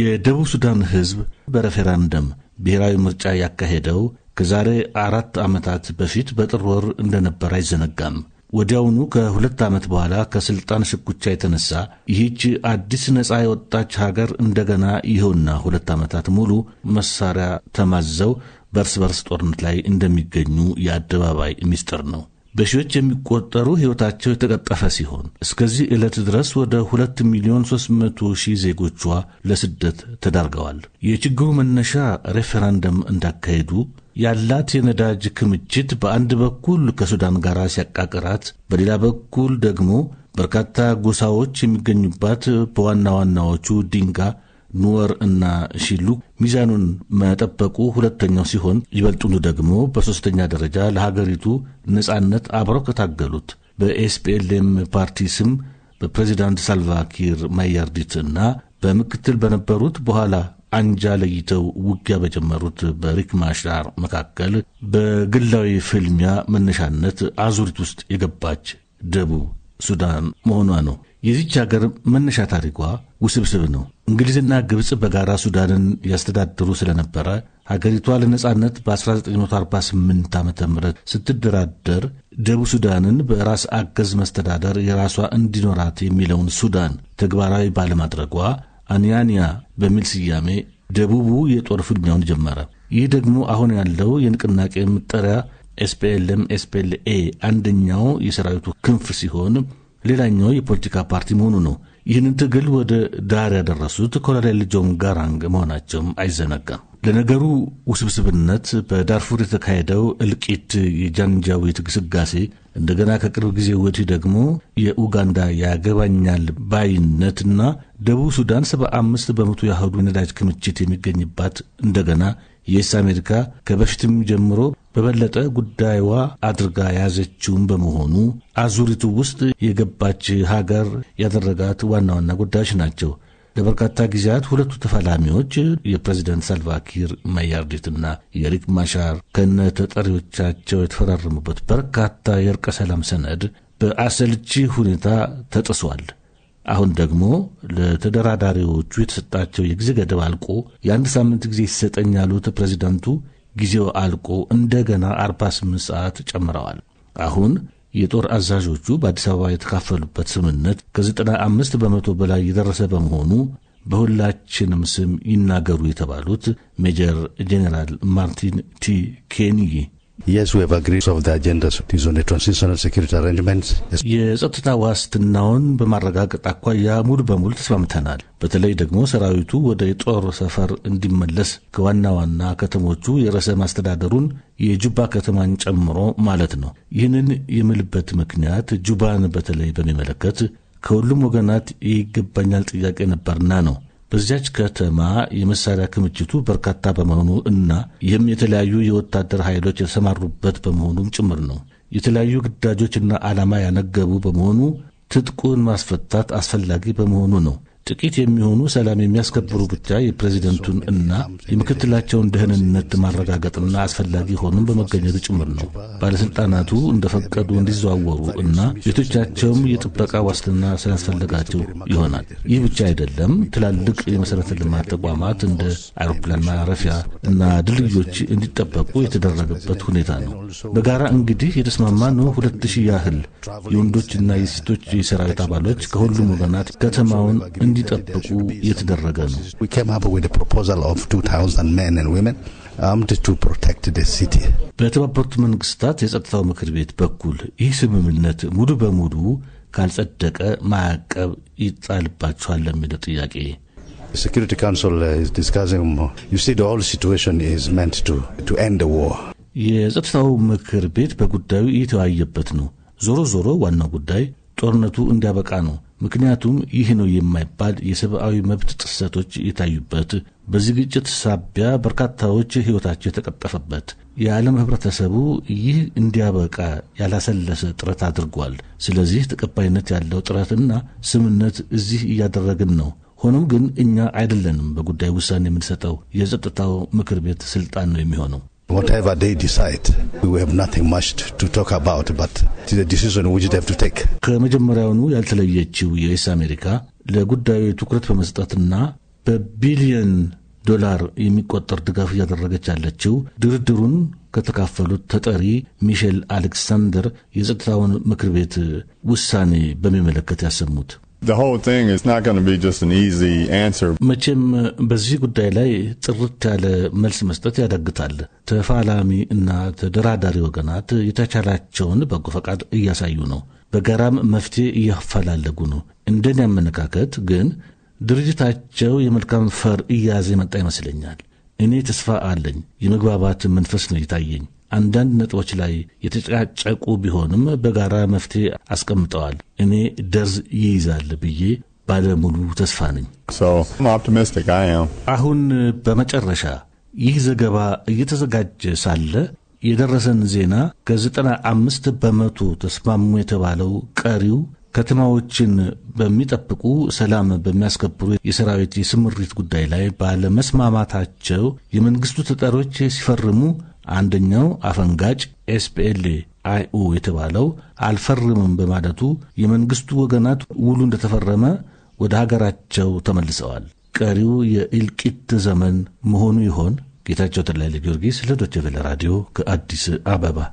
የደቡብ ሱዳን ሕዝብ በሬፌራንደም ብሔራዊ ምርጫ ያካሄደው ከዛሬ አራት ዓመታት በፊት በጥር ወር እንደነበር አይዘነጋም። ወዲያውኑ ከሁለት ዓመት በኋላ ከሥልጣን ሽኩቻ የተነሳ ይህች አዲስ ነፃ የወጣች ሀገር እንደገና ይኸውና ሁለት ዓመታት ሙሉ መሳሪያ ተማዘው በእርስ በርስ ጦርነት ላይ እንደሚገኙ የአደባባይ ምስጢር ነው። በሺዎች የሚቆጠሩ ሕይወታቸው የተቀጠፈ ሲሆን እስከዚህ ዕለት ድረስ ወደ 2 ሚሊዮን 300 ሺህ ዜጎቿ ለስደት ተዳርገዋል። የችግሩ መነሻ ሬፈረንደም እንዳካሄዱ ያላት የነዳጅ ክምችት በአንድ በኩል ከሱዳን ጋር ሲያቃቅራት፣ በሌላ በኩል ደግሞ በርካታ ጎሳዎች የሚገኙባት በዋና ዋናዎቹ ዲንጋ ኑወር እና ሺሉ ሚዛኑን መጠበቁ ሁለተኛው ሲሆን ይበልጡኑ ደግሞ በሦስተኛ ደረጃ ለሀገሪቱ ነጻነት አብረው ከታገሉት በኤስፒኤልኤም ፓርቲ ስም በፕሬዚዳንት ሳልቫኪር ማያርዲት እና በምክትል በነበሩት በኋላ አንጃ ለይተው ውጊያ በጀመሩት በሪክ ማሻር መካከል በግላዊ ፍልሚያ መነሻነት አዙሪት ውስጥ የገባች ደቡብ ሱዳን መሆኗ ነው። የዚች ሀገር መነሻ ታሪኳ ውስብስብ ነው። እንግሊዝና ግብፅ በጋራ ሱዳንን ያስተዳድሩ ስለነበረ ሀገሪቷ ለነጻነት በ1948 ዓ ም ስትደራደር ደቡብ ሱዳንን በራስ አገዝ መስተዳደር የራሷ እንዲኖራት የሚለውን ሱዳን ተግባራዊ ባለማድረጓ አንያንያ በሚል ስያሜ ደቡቡ የጦር ፍልሚያውን ጀመረ። ይህ ደግሞ አሁን ያለው የንቅናቄ መጠሪያ ኤስፒኤልኤም ኤስፒኤልኤ አንደኛው የሰራዊቱ ክንፍ ሲሆን ሌላኛው የፖለቲካ ፓርቲ መሆኑ ነው። ይህንን ትግል ወደ ዳር ያደረሱት ኮሎኔል ጆን ጋራንግ መሆናቸውም አይዘነጋም። ለነገሩ ውስብስብነት በዳርፉር የተካሄደው እልቂት የጃንጃዊት ግስጋሴ እንደገና ከቅርብ ጊዜ ወዲህ ደግሞ የኡጋንዳ ያገባኛል ባይነትና ደቡብ ሱዳን 75 በመቶ ያህሉ የነዳጅ ክምችት የሚገኝባት እንደገና የስ አሜሪካ ከበፊትም ጀምሮ በበለጠ ጉዳይዋ አድርጋ ያዘችውም በመሆኑ አዙሪቱ ውስጥ የገባች ሀገር ያደረጋት ዋና ዋና ጉዳዮች ናቸው። ለበርካታ ጊዜያት ሁለቱ ተፋላሚዎች የፕሬዚደንት ሳልቫኪር ማያርዲትና የሪክ ማሻር ከነ ተጠሪዎቻቸው የተፈራረሙበት በርካታ የእርቀ ሰላም ሰነድ በአሰልቺ ሁኔታ ተጥሷል። አሁን ደግሞ ለተደራዳሪዎቹ የተሰጣቸው የጊዜ ገደብ አልቆ የአንድ ሳምንት ጊዜ ይሰጠኝ ያሉት ፕሬዚደንቱ ጊዜው አልቆ እንደገና 48 ሰዓት ጨምረዋል። አሁን የጦር አዛዦቹ በአዲስ አበባ የተካፈሉበት ስምነት ከ95 በመቶ በላይ የደረሰ በመሆኑ በሁላችንም ስም ይናገሩ የተባሉት ሜጀር ጄኔራል ማርቲን ቲ ኬንይ Yes, we have agreed of the It is on transitional security የጸጥታ ዋስትናውን በማረጋገጥ አኳያ ሙሉ በሙሉ ተስማምተናል። በተለይ ደግሞ ሰራዊቱ ወደ የጦር ሰፈር እንዲመለስ ከዋና ዋና ከተሞቹ የርዕሰ ማስተዳደሩን የጁባ ከተማን ጨምሮ ማለት ነው። ይህንን የምልበት ምክንያት ጁባን በተለይ በሚመለከት ከሁሉም ወገናት የይገባኛል ጥያቄ ነበርና ነው። በዚያች ከተማ የመሳሪያ ክምችቱ በርካታ በመሆኑ እና ይህም የተለያዩ የወታደር ኃይሎች የተሰማሩበት በመሆኑም ጭምር ነው። የተለያዩ ግዳጆችና ዓላማ ያነገቡ በመሆኑ ትጥቁን ማስፈታት አስፈላጊ በመሆኑ ነው። ጥቂት የሚሆኑ ሰላም የሚያስከብሩ ብቻ የፕሬዚደንቱን እና የምክትላቸውን ደህንነት ማረጋገጥና አስፈላጊ ሆኖም በመገኘቱ ጭምር ነው። ባለስልጣናቱ እንደፈቀዱ እንዲዘዋወሩ እና ቤቶቻቸውም የጥበቃ ዋስትና ስላስፈለጋቸው ይሆናል። ይህ ብቻ አይደለም። ትላልቅ የመሰረተ ልማት ተቋማት እንደ አይሮፕላን ማረፊያ እና ድልድዮች እንዲጠበቁ የተደረገበት ሁኔታ ነው። በጋራ እንግዲህ የተስማማነው ሁለት ሺህ ያህል የወንዶችና የሴቶች የሰራዊት አባሎች ከሁሉም ወገናት ከተማውን እንዲጠብቁ የተደረገ ነው። በተባበሩት መንግስታት የጸጥታው ምክር ቤት በኩል ይህ ስምምነት ሙሉ በሙሉ ካልጸደቀ ማዕቀብ ይጣልባቸዋል ለሚለው ጥያቄ Security Council የጸጥታው ምክር ቤት በጉዳዩ እየተወያየበት ነው። ዞሮ ዞሮ ዋናው ጉዳይ ጦርነቱ እንዲያበቃ ነው። ምክንያቱም ይህ ነው የማይባል የሰብአዊ መብት ጥሰቶች የታዩበት፣ በዚህ ግጭት ሳቢያ በርካታዎች ሕይወታቸው የተቀጠፈበት የዓለም ህብረተሰቡ ይህ እንዲያበቃ ያላሰለሰ ጥረት አድርጓል። ስለዚህ ተቀባይነት ያለው ጥረትና ስምነት እዚህ እያደረግን ነው። ሆኖም ግን እኛ አይደለንም በጉዳይ ውሳኔ የምንሰጠው፣ የጸጥታው ምክር ቤት ስልጣን ነው የሚሆነው። Whatever they decide, we have nothing much to talk about, but it's a decision which they have to take. ከመጀመሪያውኑ ያልተለየችው የዩኤስ አሜሪካ ለጉዳዩ ትኩረት በመስጠትና በቢሊየን ዶላር የሚቆጠር ድጋፍ እያደረገች ያለችው ድርድሩን ከተካፈሉት ተጠሪ ሚሼል አሌክሳንደር የጸጥታውን ምክር ቤት ውሳኔ በሚመለከት ያሰሙት the whole thing is not going to be just an easy answer. መቼም በዚህ ጉዳይ ላይ ጥርት ያለ መልስ መስጠት ያዳግታል። ተፋላሚ እና ተደራዳሪ ወገናት የተቻላቸውን በጎ ፈቃድ እያሳዩ ነው፣ በጋራም መፍትሄ እያፈላለጉ ነው። እንደኔ አመለካከት ግን ድርጅታቸው የመልካም ፈር እያያዘ የመጣ ይመስለኛል። እኔ ተስፋ አለኝ። የመግባባት መንፈስ ነው የታየኝ። አንዳንድ ነጥቦች ላይ የተጨቃጨቁ ቢሆንም በጋራ መፍትሄ አስቀምጠዋል። እኔ ደርዝ ይይዛል ብዬ ባለሙሉ ተስፋ ነኝ። አሁን በመጨረሻ ይህ ዘገባ እየተዘጋጀ ሳለ የደረሰን ዜና ከዘጠና አምስት በመቶ ተስማሙ የተባለው ቀሪው ከተማዎችን በሚጠብቁ ሰላም በሚያስከብሩ የሰራዊት የስምሪት ጉዳይ ላይ ባለመስማማታቸው የመንግስቱ ተጠሪዎች ሲፈርሙ አንደኛው አፈንጋጭ ኤስፒኤል አይኡ የተባለው አልፈርምም በማለቱ የመንግስቱ ወገናት ውሉ እንደተፈረመ ወደ ሀገራቸው ተመልሰዋል። ቀሪው የእልቂት ዘመን መሆኑ ይሆን? ጌታቸው ተድላ ጊዮርጊስ ለዶይቼ ቬለ ራዲዮ ከአዲስ አበባ